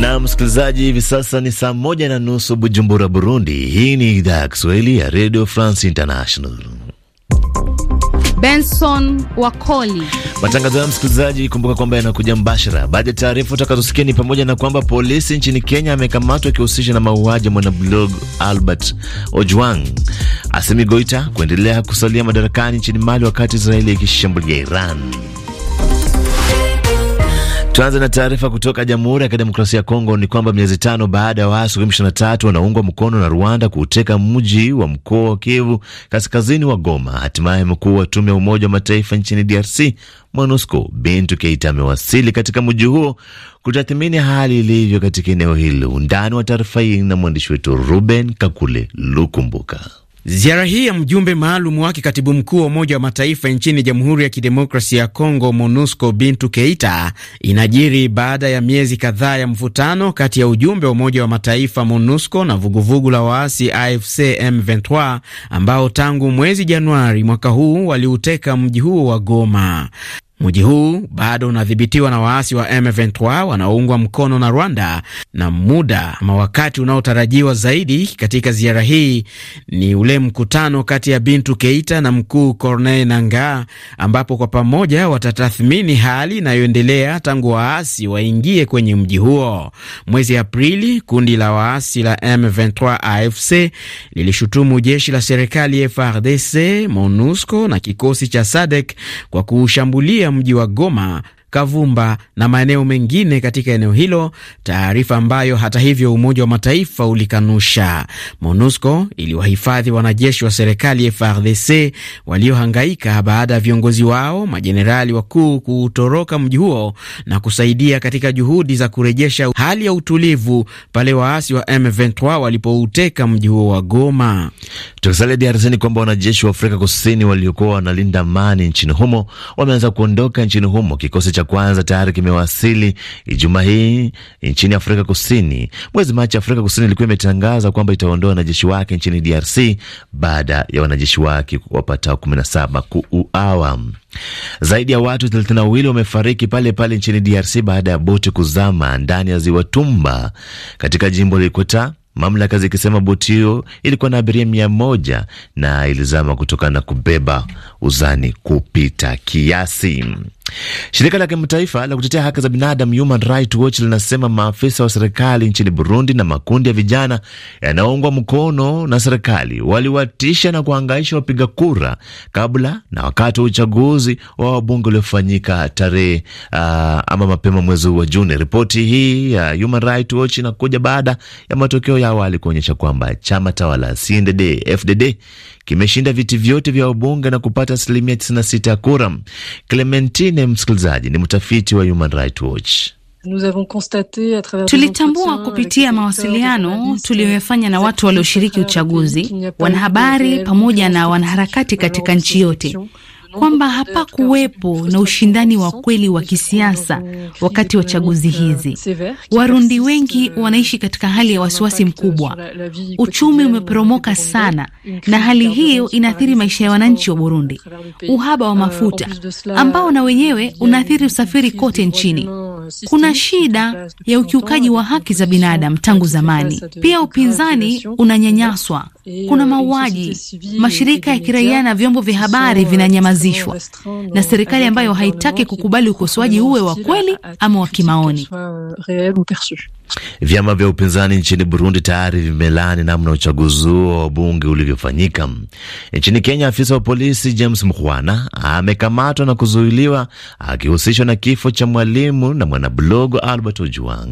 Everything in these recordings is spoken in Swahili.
Na msikilizaji, hivi sasa ni saa moja na nusu Bujumbura, Burundi. Hii ni idhaa ya Kiswahili ya Radio France International. Benson Wakoli. Matangazo ya msikilizaji, kumbuka kwamba yanakuja mbashara. Baadhi ya taarifa utakazosikia ni pamoja na kwamba polisi nchini Kenya amekamatwa akihusisha na mauaji ya mwanablog Albert Ojwang, Asimi Goita kuendelea kusalia madarakani nchini Mali wakati Israeli ikishambulia Iran. Tuanze na taarifa kutoka Jamhuri ya Kidemokrasia ya Kongo ni kwamba miezi tano baada ya waasi wa M23 mkono na Rwanda kuuteka mji wa mkoa wa Kivu kaskazini wa Goma, hatimaye mkuu wa tume ya Umoja wa Mataifa nchini DRC MONUSCO Bintu Keita amewasili katika mji huo kutathmini hali ilivyo katika eneo hilo. Undani wa taarifa hii na mwandishi wetu Ruben Kakule Lukumbuka. Ziara hii ya mjumbe maalum wake katibu mkuu wa Umoja wa Mataifa nchini Jamhuri ya Kidemokrasia ya Kongo, MONUSCO, Bintu Keita, inajiri baada ya miezi kadhaa ya mvutano kati ya ujumbe wa Umoja wa Mataifa, MONUSCO, na vuguvugu la waasi AFC M23 ambao tangu mwezi Januari mwaka huu waliuteka mji huo wa Goma. Mji huu bado unadhibitiwa na waasi wa M23 wanaoungwa mkono na Rwanda, na muda ama wakati unaotarajiwa zaidi katika ziara hii ni ule mkutano kati ya Bintu Keita na mkuu Corneille Nangaa, ambapo kwa pamoja watatathmini hali inayoendelea tangu waasi waingie kwenye mji huo. Mwezi Aprili, kundi la waasi la M23 AFC lilishutumu jeshi la serikali FRDC, MONUSCO na kikosi cha sadec kwa kuushambulia mji wa Goma Kavumba na maeneo mengine katika eneo hilo, taarifa ambayo hata hivyo Umoja wa Mataifa ulikanusha. MONUSCO iliwahifadhi wanajeshi wa serikali ya waliohangaika baada ya viongozi wao majenerali wakuu kuutoroka mji huo na kusaidia katika juhudi za kurejesha hali ya utulivu pale waasi wa M23 walipouteka mji huo wa Goma. Tukisalia DRC ni kwamba wanajeshi wa Afrika Kusini waliokuwa wanalinda amani nchini humo wameanza kuondoka nchini humo. Kikosi cha kwanza tayari kimewasili Ijumaa hii nchini Afrika Kusini. Mwezi Machi, Afrika Kusini ilikuwa imetangaza kwamba itaondoa wanajeshi wake nchini DRC baada ya wanajeshi wake wapatao 17 kuuawa. Zaidi ya watu 32 wamefariki pale pale nchini DRC baada ya boti kuzama ndani ya ziwa Tumba katika jimbo la Ikweta mamlaka zikisema boti hiyo ilikuwa na abiria mia moja na ilizama kutokana na kubeba uzani kupita kiasi. Shirika la kimataifa la kutetea haki za binadamu Human Rights Watch linasema maafisa wa serikali nchini Burundi na makundi ya vijana yanayoungwa mkono na serikali waliwatisha na kuhangaisha wapiga kura kabla na wakati wa uchaguzi wa wabunge uliofanyika tarehe uh, ama mapema mwezi huu wa Juni. Ripoti hii ya Human Rights Watch inakuja baada ya matokeo ya awali kuonyesha kwamba chama tawala CNDD FDD kimeshinda viti vyote vya wabunge na kupata asilimia 96 ya kura. Clementine, msikilizaji, ni mtafiti wa Human Rights Watch. Tulitambua kupitia mawasiliano tuliyoyafanya na watu walioshiriki uchaguzi, wanahabari pamoja na wanaharakati katika nchi yote kwamba hapakuwepo na ushindani wa kweli wa kisiasa wakati wa chaguzi hizi. Euh, Warundi wengi euh, wanaishi katika hali ya wasiwasi mkubwa, uchumi umeporomoka sana, na hali hiyo inaathiri maisha ya wananchi wa Burundi. Uhaba wa euh, mafuta ambao na wenyewe unaathiri usafiri kote nchini. Kuna shida ya ukiukaji wa haki za binadamu tangu zamani. Pia upinzani unanyanyaswa kuna euh, mauaji, mashirika ya kiraia na vyombo vya habari euh, vinanyamazishwa na serikali ambayo haitaki kukubali ukosoaji uwe wa kweli ama wa kimaoni. Euh, Vyama vya upinzani nchini Burundi tayari vimelaani namna uchaguzi huo wa bunge ulivyofanyika. Nchini Kenya, afisa wa polisi James Mkhwana amekamatwa na kuzuiliwa akihusishwa na kifo cha mwalimu na mwanablogo Albert Ojuang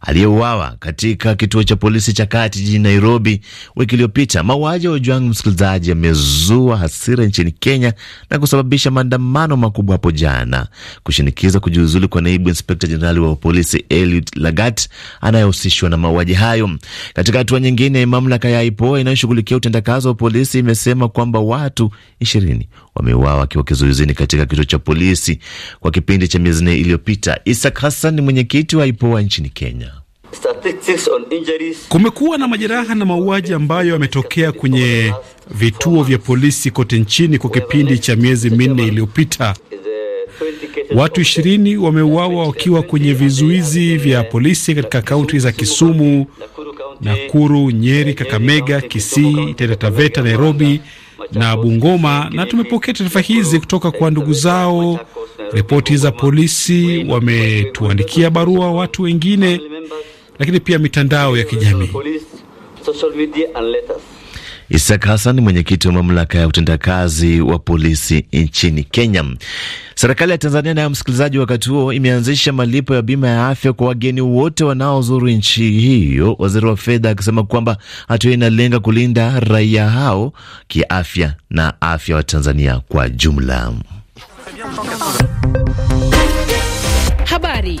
aliyeuawa katika kituo cha polisi cha kati jijini Nairobi wiki iliyopita kabisa. Mauaji ya Ojwang, msikilizaji, yamezua hasira nchini Kenya na kusababisha maandamano makubwa hapo jana kushinikiza kujiuzulu kwa naibu inspekta jenerali wa polisi Eliud Lagat anayehusishwa na mauaji hayo. Katika hatua nyingine, mamlaka ya IPOA inayoshughulikia utendakazi wa polisi imesema kwamba watu ishirini wameuawa wakiwa kizuizini katika kituo cha polisi kwa kipindi cha miezi nne iliyopita. Isak Hassan ni mwenyekiti wa IPOA nchini Kenya. Kumekuwa na majeraha na mauaji ambayo yametokea kwenye vituo vya polisi kote nchini kwa kipindi cha miezi minne iliyopita. Watu ishirini wameuawa wakiwa kwenye vizuizi vya polisi katika kaunti za Kisumu, Nakuru, Nyeri, Kakamega, Kisii, Taita Taveta, Nairobi na Bungoma, na tumepokea taarifa hizi kutoka kwa ndugu zao, ripoti za polisi. Wametuandikia barua watu wengine lakini pia mitandao ya kijamii. Isak Hasan ni mwenyekiti wa mamlaka ya utendakazi wa polisi nchini Kenya. Serikali ya Tanzania nayo, msikilizaji, wakati huo imeanzisha malipo ya bima ya afya kwa wageni wote wanaozuru nchi hiyo, waziri wa fedha akisema kwamba hatua inalenga kulinda raia hao kiafya na afya wa Tanzania kwa jumla. Habari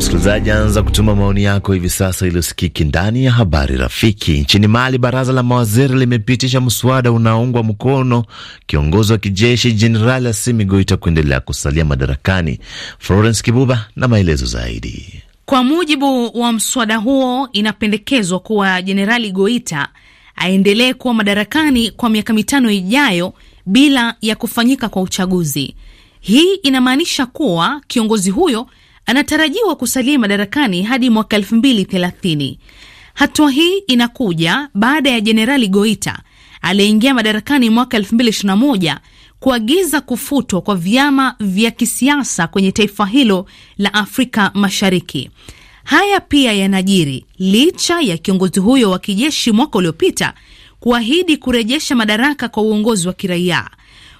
Msikilizaji, anza kutuma maoni yako hivi sasa iliyosikiki ndani ya habari rafiki. Nchini Mali, baraza la mawaziri limepitisha mswada unaoungwa mkono kiongozi wa kijeshi Jenerali asimi Goita kuendelea kusalia madarakani. Florence Kibuba na maelezo zaidi. Kwa mujibu wa mswada huo, inapendekezwa kuwa Jenerali Goita aendelee kuwa madarakani kwa miaka mitano ijayo bila ya kufanyika kwa uchaguzi. Hii inamaanisha kuwa kiongozi huyo anatarajiwa kusalia madarakani hadi mwaka thelathini. Hatua hii inakuja baada ya Jenerali Goita aliyeingia madarakani mwaka moja kuagiza kufutwa kwa vyama vya kisiasa kwenye taifa hilo la Afrika Mashariki. Haya pia yanajiri licha ya kiongozi huyo wa kijeshi mwaka uliopita kuahidi kurejesha madaraka kwa uongozi wa kiraia.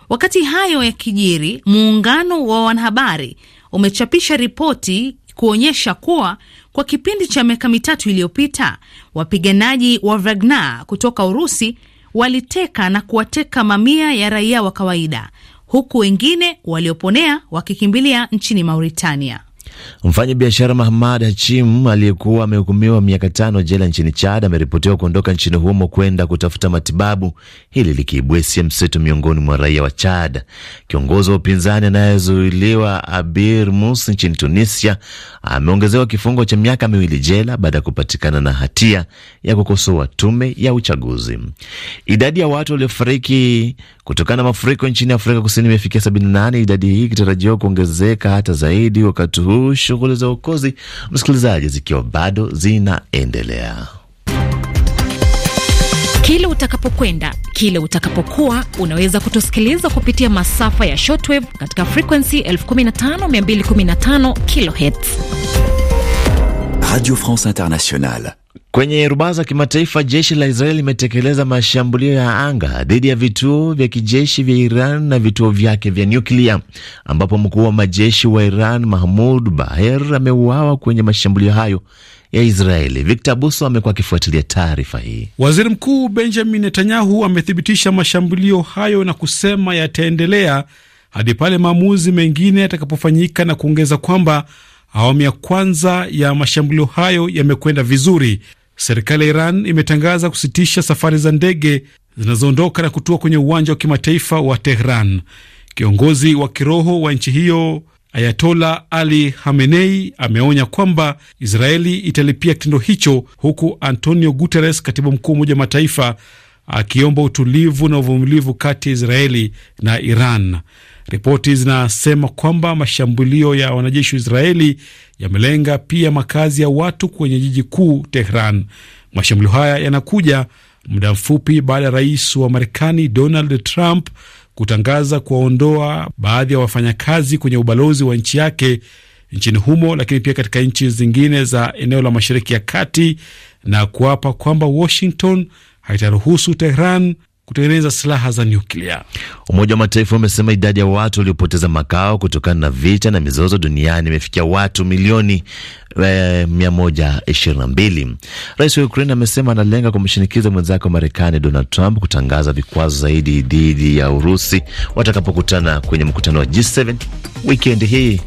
Wakati hayo yakijiri, muungano wa wanahabari umechapisha ripoti kuonyesha kuwa kwa kipindi cha miaka mitatu iliyopita wapiganaji wa Wagner kutoka Urusi waliteka na kuwateka mamia ya raia wa kawaida, huku wengine walioponea wakikimbilia nchini Mauritania. Mfanya biashara Mahmad Hachim aliyekuwa amehukumiwa miaka tano jela nchini Chad ameripotiwa kuondoka nchini humo kwenda kutafuta matibabu, hili likiibua hisia mseto miongoni mwa raia wa Chad. Kiongozi wa upinzani anayezuiliwa Abir Musa nchini Tunisia ameongezewa kifungo cha miaka miwili jela baada ya kupatikana na hatia ya kukosoa tume ya uchaguzi. Idadi ya watu waliofariki kutokana na mafuriko nchini Afrika Kusini imefikia 78, idadi hii ikitarajiwa kuongezeka hata zaidi wakati huu shughuli za uokozi, msikilizaji, zikiwa bado zinaendelea. Kile utakapokwenda kile utakapokuwa, unaweza kutusikiliza kupitia masafa ya shortwave katika frequency 15215 kilohertz. Radio France Internationale. Kwenye rubaa za kimataifa, jeshi la Israeli limetekeleza mashambulio ya anga dhidi ya vituo vya kijeshi vya Iran na vituo vyake vya nyuklia, ambapo mkuu wa majeshi wa Iran Mahmud Baher ameuawa kwenye mashambulio hayo ya Israeli. Victor Buso amekuwa akifuatilia taarifa hii. Waziri Mkuu Benjamin Netanyahu amethibitisha mashambulio hayo na kusema yataendelea hadi pale maamuzi mengine yatakapofanyika na kuongeza kwamba awamu ya kwanza ya mashambulio hayo yamekwenda vizuri serikali ya Iran imetangaza kusitisha safari za ndege zinazoondoka na kutua kwenye uwanja wa kimataifa wa Tehran. Kiongozi wa kiroho wa nchi hiyo Ayatola Ali Hamenei ameonya kwamba Israeli italipia kitendo hicho, huku Antonio Guterres, katibu mkuu wa Umoja wa Mataifa, akiomba utulivu na uvumilivu kati ya Israeli na Iran. Ripoti zinasema kwamba mashambulio ya wanajeshi wa Israeli yamelenga pia makazi ya watu kwenye jiji kuu Tehran. Mashambulio haya yanakuja muda mfupi baada ya rais wa Marekani Donald Trump kutangaza kuwaondoa baadhi ya wafanyakazi kwenye ubalozi wa nchi yake nchini humo, lakini pia katika nchi zingine za eneo la Mashariki ya Kati na kuapa kwamba Washington haitaruhusu Tehran kutengeneza silaha za nyuklia. Umoja wa Mataifa umesema idadi ya watu waliopoteza makao kutokana na vita na mizozo duniani imefikia watu milioni e, eh, 122. Rais wa Ukraine amesema analenga kumshinikiza mwenzake wa Marekani Donald Trump kutangaza vikwazo zaidi dhidi ya Urusi watakapokutana kwenye mkutano wa G7 wikendi hii